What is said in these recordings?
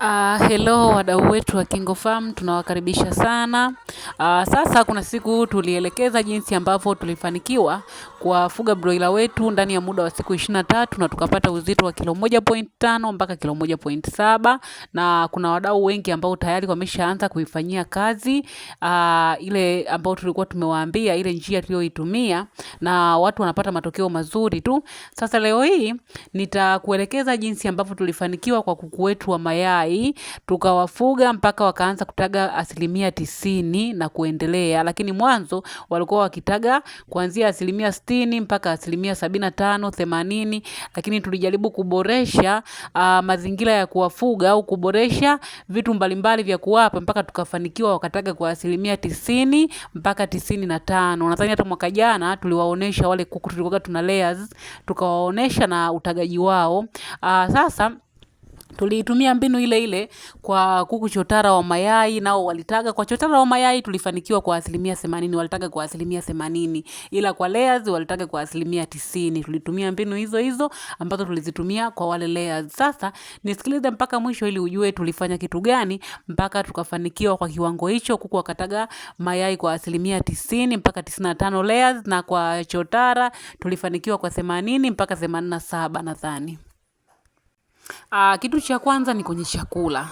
Uh, hello wadau wetu wa Kingo Farm tunawakaribisha sana. Uh, sasa kuna siku tulielekeza jinsi ambavyo tulifanikiwa kuwafuga broiler wetu ndani ya muda wa siku 23 na tukapata uzito wa kilo 1.5 mpaka kilo 1.7 na kuna wadau wengi ambao tayari wameshaanza kuifanyia kazi uh, ile ambao tulikuwa tumewaambia ile njia tuliyoitumia na watu wanapata matokeo mazuri tu. Sasa leo hii nitakuelekeza jinsi ambavyo tulifanikiwa kwa kuku wetu wa mayai hai, tukawafuga mpaka wakaanza kutaga asilimia tisini na kuendelea, lakini mwanzo walikuwa wakitaga kuanzia asilimia sitini mpaka asilimia sabini na tano themanini, lakini tulijaribu kuboresha uh, mazingira ya kuwafuga au kuboresha vitu mbalimbali vya kuwapa mpaka tukafanikiwa wakataga kwa asilimia tisini mpaka tisini na tano. Nadhani hata mwaka jana tuliwaonesha wale kuku tulikuwa tuna layers, tukawaonesha na utagaji wao. Uh, sasa Tuliitumia mbinu ile ile kwa kuku chotara wa mayai, nao walitaga kwa chotara wa mayai tulifanikiwa kwa asilimia themanini, walitaga kwa asilimia themanini, ila kwa layers walitaga kwa asilimia tisini. Tulitumia mbinu hizo hizo ambazo tulizitumia kwa wale layers. Sasa nisikilize mpaka mwisho ili ujue tulifanya kitu gani mpaka tukafanikiwa kwa kiwango hicho. Kuku wakataga mayai kwa asilimia tisini mpaka tisini na tano layers, na kwa chotara tulifanikiwa kwa themanini mpaka themanini na saba nadhani. Aa, ah, Kitu cha kwanza ni kwenye chakula.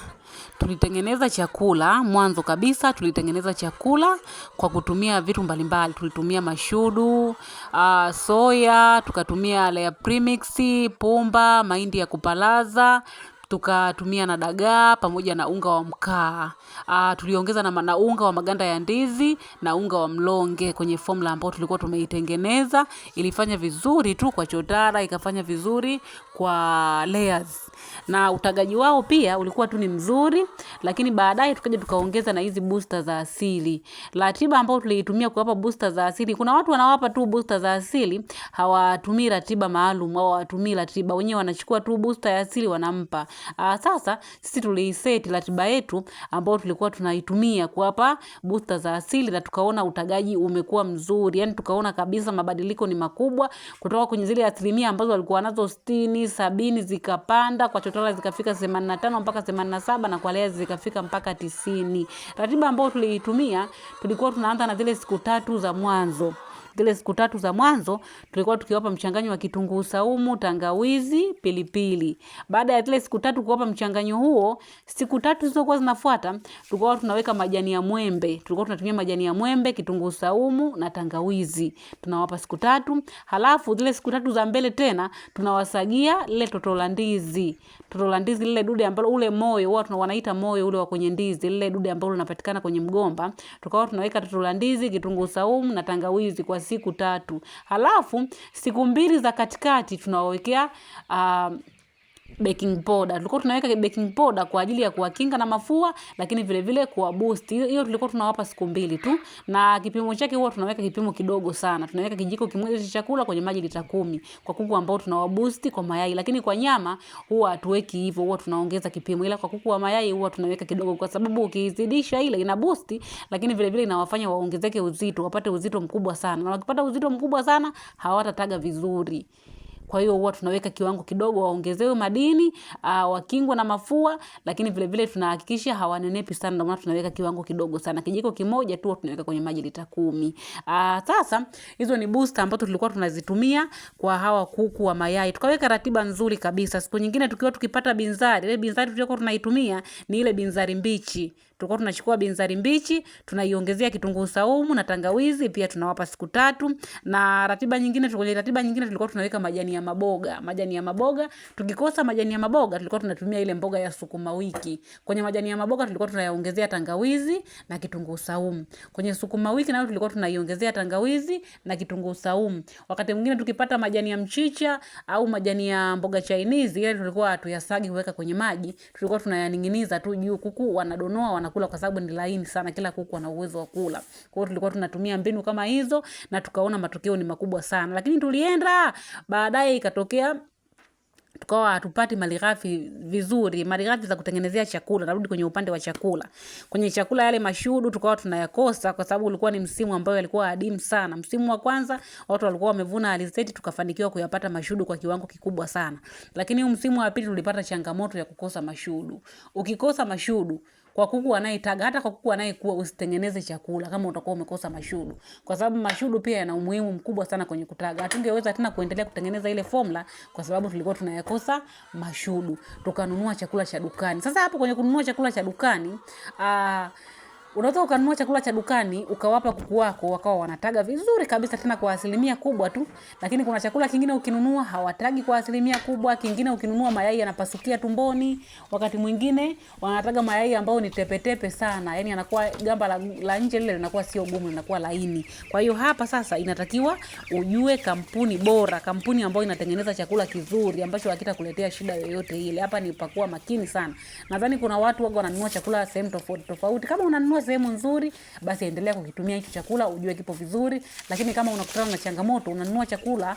Tulitengeneza chakula, mwanzo kabisa tulitengeneza chakula kwa kutumia vitu mbalimbali. Tulitumia mashudu, uh, soya, tukatumia layer premix, pumba, mahindi ya kupalaza, tukatumia na dagaa, pamoja na unga wa mkaa. Ah, tuliongeza na na unga wa maganda ya ndizi na unga wa mlonge kwenye formula ambayo tulikuwa tumeitengeneza. Ilifanya vizuri tu kwa chotara, ikafanya vizuri kwa layers na utagaji wao pia ulikuwa tu ni mzuri, lakini baadaye tukaja tukaongeza na hizi booster za asili. Ratiba ambayo tuliitumia kuwapa booster za asili, kuna watu wanawapa tu booster za asili, hawatumii ratiba maalum au hawatumii ratiba wenyewe, wanachukua tu booster ya asili wanampa. Aa, ah, sasa sisi tuliiseti ratiba yetu ambayo tulikuwa tunaitumia kuwapa booster za asili, na tukaona utagaji umekuwa mzuri, yani tukaona kabisa mabadiliko ni makubwa kutoka kwenye zile asilimia ambazo walikuwa nazo sitini sabini zikapanda kadhaa kwa chotara zikafika 85 mpaka 87 na kwa lea zikafika mpaka tisini. Ratiba ambayo tuliitumia tulikuwa tunaanza na zile siku tatu za mwanzo zile siku tatu za mwanzo tulikuwa tukiwapa mchanganyo wa kitunguu saumu, tangawizi, pilipili. Baada ya zile siku tatu kuwapa mchanganyo huo, siku tatu zilizokuwa zinafuata tulikuwa tunaweka majani ya mwembe. Tulikuwa tunatumia majani ya mwembe, kitunguu saumu na tangawizi. Tunawapa siku tatu. Halafu zile siku tatu za mbele tena tunawasagia lile toto la ndizi. Toto la ndizi lile dude ambalo ule moyo huwa tunawanaita moyo ule wa kwenye ndizi, lile dude ambalo linapatikana kwenye mgomba. Tukawa tunaweka toto la ndizi, kitunguu saumu na tangawizi kwa siku tatu. Halafu siku mbili za katikati tunawawekea uh, ah, baking powder. Tulikuwa tunaweka baking powder kwa ajili ya kuwakinga na mafua, lakini vile vile kuwa boost. Hiyo tulikuwa tunawapa siku mbili tu, na kipimo chake huwa tunaweka kipimo kidogo sana. Tunaweka kijiko kimoja cha chakula kwenye maji lita kumi kwa kuku ambao tunawa boost kwa mayai, lakini kwa nyama huwa hatuweki hivyo, huwa tunaongeza kipimo, ila kwa kuku wa mayai huwa tunaweka kidogo, kwa sababu ukizidisha ile ina boost, lakini vile vile inawafanya waongezeke uzito, wapate uzito mkubwa sana, na wakipata uzito mkubwa sana hawatataga vizuri. Kwa hiyo huwa tunaweka kiwango kidogo waongezewe madini, uh, ah, wakingwe na mafua, lakini vile vile tunahakikisha hawanenepi sana, ndio maana tunaweka kiwango kidogo sana. Kijiko kimoja tu tunaweka kwenye maji lita kumi. Uh, sasa hizo ni booster ambazo tulikuwa tunazitumia kwa hawa kuku wa mayai. Tukaweka ratiba nzuri kabisa. Siku nyingine tukiwa tukipata binzari, ile binzari tulikuwa tunaitumia ni ile binzari mbichi. Tulikuwa tunachukua binzari mbichi, tunaiongezea kitunguu saumu na tangawizi, pia tunawapa siku tatu. Na ratiba nyingine, kwenye ratiba nyingine tulikuwa tunaweka majani ya maboga, majani ya maboga. Tukikosa majani ya maboga, tulikuwa tunatumia ile mboga ya sukuma wiki. Kwenye majani ya maboga tulikuwa tunayaongezea tangawizi na kitunguu saumu. Kwenye sukuma wiki nayo tulikuwa tunaiongezea tangawizi na kitunguu saumu. Wakati mwingine tukipata majani ya mchicha au majani ya mboga chainizi, ile tulikuwa hatuyasagi kuweka kwenye maji, tulikuwa tunayaning'iniza tu juu, kuku wanadonoa wana wanakula kwa sababu ni laini sana, kila kuku ana uwezo wa kula. Kwa hiyo tulikuwa tunatumia mbinu kama hizo na tukaona matokeo ni makubwa sana, lakini tulienda baadaye ikatokea tukawa hatupati malighafi vizuri, malighafi za kutengenezea chakula. Narudi kwenye upande wa chakula, kwenye chakula yale mashudu tukawa tunayakosa kwa sababu ulikuwa ni msimu ambao alikuwa adimu sana. Msimu wa kwanza watu walikuwa wamevuna alizeti, tukafanikiwa kuyapata mashudu kwa kiwango kikubwa sana, lakini huu msimu wa pili tulipata changamoto ya kukosa mashudu. Ukikosa mashudu kwa kuku anayetaga, hata kwa kuku anayekuwa usitengeneze chakula kama utakuwa umekosa mashudu, kwa sababu mashudu pia yana umuhimu mkubwa sana kwenye kutaga. Hatungeweza tena kuendelea kutengeneza ile formula kwa sababu tulikuwa tunayakosa mashudu, tukanunua chakula cha dukani. Sasa hapo kwenye kununua chakula cha dukani, aa, ah, Unaweza ukanunua chakula cha dukani ukawapa kuku wako wakawa wanataga vizuri kabisa, tena kwa asilimia kubwa tu, lakini kuna chakula kingine ukinunua hawatagi kwa asilimia kubwa. Kingine ukinunua mayai yanapasukia tumboni, wakati mwingine wanataga mayai ambayo ni tepetepe sana, yani anakuwa gamba la, la nje lile linakuwa sio gumu, linakuwa laini. Kwa hiyo hapa sasa inatakiwa ujue kampuni bora, kampuni ambayo inatengeneza chakula kizuri ambacho hakitakuletea shida yoyote ile. Hapa ni pakua makini sana. Nadhani kuna watu waga wananunua chakula sehemu tofauti tofauti, kama unanunua sehemu nzuri, basi endelea kukitumia hicho chakula, ujue kipo vizuri. Lakini kama unakutana na changamoto, unanunua chakula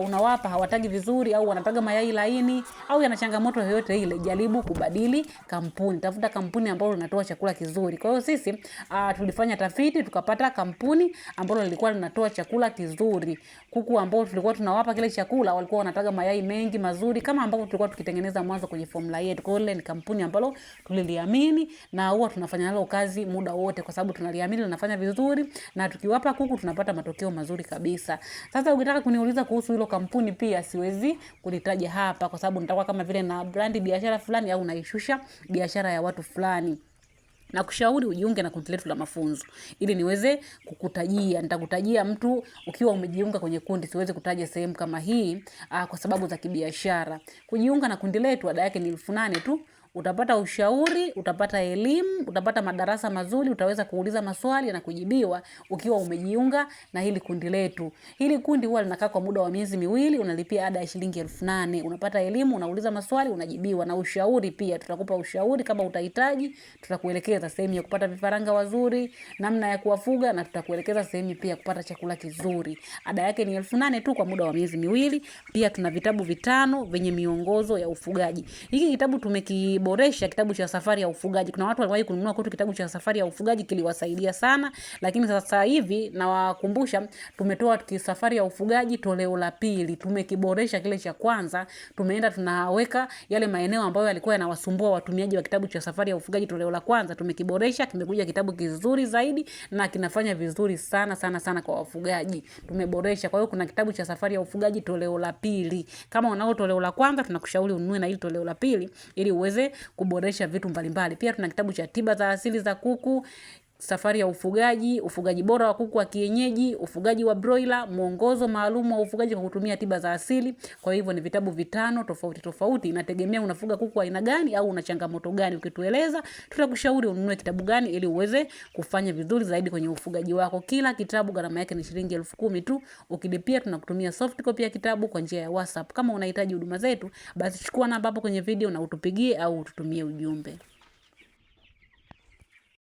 uh, unawapa hawatagi vizuri, au wanataga mayai laini, au yana changamoto yoyote ile, jaribu kubadili kampuni, tafuta kampuni ambayo inatoa chakula kizuri. Kwa hiyo sisi uh, tulifanya tafiti tukapata kampuni ambayo ilikuwa inatoa chakula kizuri. Kuku ambao tulikuwa tunawapa kile chakula walikuwa wanataga mayai mengi mazuri kama ambavyo tulikuwa tukitengeneza mwanzo kwenye formula yetu. Kwa hiyo ile ni kampuni ambalo tuliliamini na huwa tunafanya nalo kazi muda muda wote, kwa sababu tunaliamini linafanya vizuri, na tukiwapa kuku tunapata matokeo mazuri kabisa. Sasa ukitaka kuniuliza kuhusu hilo kampuni, pia siwezi kulitaja hapa, kwa sababu nitakuwa kama vile na brandi biashara fulani, au naishusha biashara ya watu fulani na kushauri ujiunge na kundi letu la mafunzo ili niweze kukutajia. Nitakutajia mtu ukiwa umejiunga kwenye kundi, siwezi kutaja sehemu kama hii aa, ah, kwa sababu za kibiashara. Kujiunga na kundi letu ada yake ni elfu nane tu. Utapata ushauri, utapata elimu, utapata madarasa mazuri, utaweza kuuliza maswali na kujibiwa ukiwa umejiunga na hili kundi letu. Hili kundi huwa linakaa kwa muda wa miezi miwili, unalipia ada ya shilingi elfu nane. Unapata elimu, unauliza maswali, unajibiwa na ushauri pia. Tutakupa ushauri kama utahitaji, tutakuelekeza sehemu ya kupata vifaranga wazuri, namna ya kuwafuga na tutakuelekeza sehemu pia kupata chakula kizuri. Ada yake ni elfu nane tu kwa muda wa miezi miwili. Pia tuna vitabu vitano vyenye miongozo ya ufugaji. Hiki kitabu tumeki kuiboresha kitabu cha Safari ya Ufugaji. Kuna watu waliwahi kununua kwetu kitabu cha Safari ya Ufugaji, kiliwasaidia sana, lakini sasa hivi nawakumbusha, tumetoa Safari ya Ufugaji toleo la pili, tumekiboresha kile cha kwanza, tumeenda tunaweka yale maeneo ambayo yalikuwa yanawasumbua watumiaji wa kitabu cha Safari ya Ufugaji toleo la kwanza, tumekiboresha, kimekuja kitabu kizuri zaidi na kinafanya vizuri sana sana sana kwa wafugaji. Tumeboresha. Kwa hiyo kuna kitabu cha Safari ya Ufugaji toleo la pili. Kama unao toleo la kwanza, tunakushauri ununue na hili toleo la pili ili uweze kuboresha vitu mbalimbali. Pia tuna kitabu cha tiba za asili za kuku, safari ya ufugaji, ufugaji bora wa kuku wa kienyeji, ufugaji wa broiler, mwongozo maalum wa ufugaji kwa kutumia tiba za asili. Kwa hivyo ni vitabu vitano tofauti tofauti, inategemea unafuga kuku aina gani au una changamoto gani. Ukitueleza, tutakushauri ununue kitabu gani ili uweze kufanya vizuri zaidi kwenye ufugaji wako. Kila kitabu gharama yake ni shilingi elfu kumi tu. Ukilipia tunakutumia soft copy ya kitabu kwa njia ya WhatsApp. Kama unahitaji huduma zetu, basi chukua namba hapo kwenye video na utupigie au ututumie ujumbe.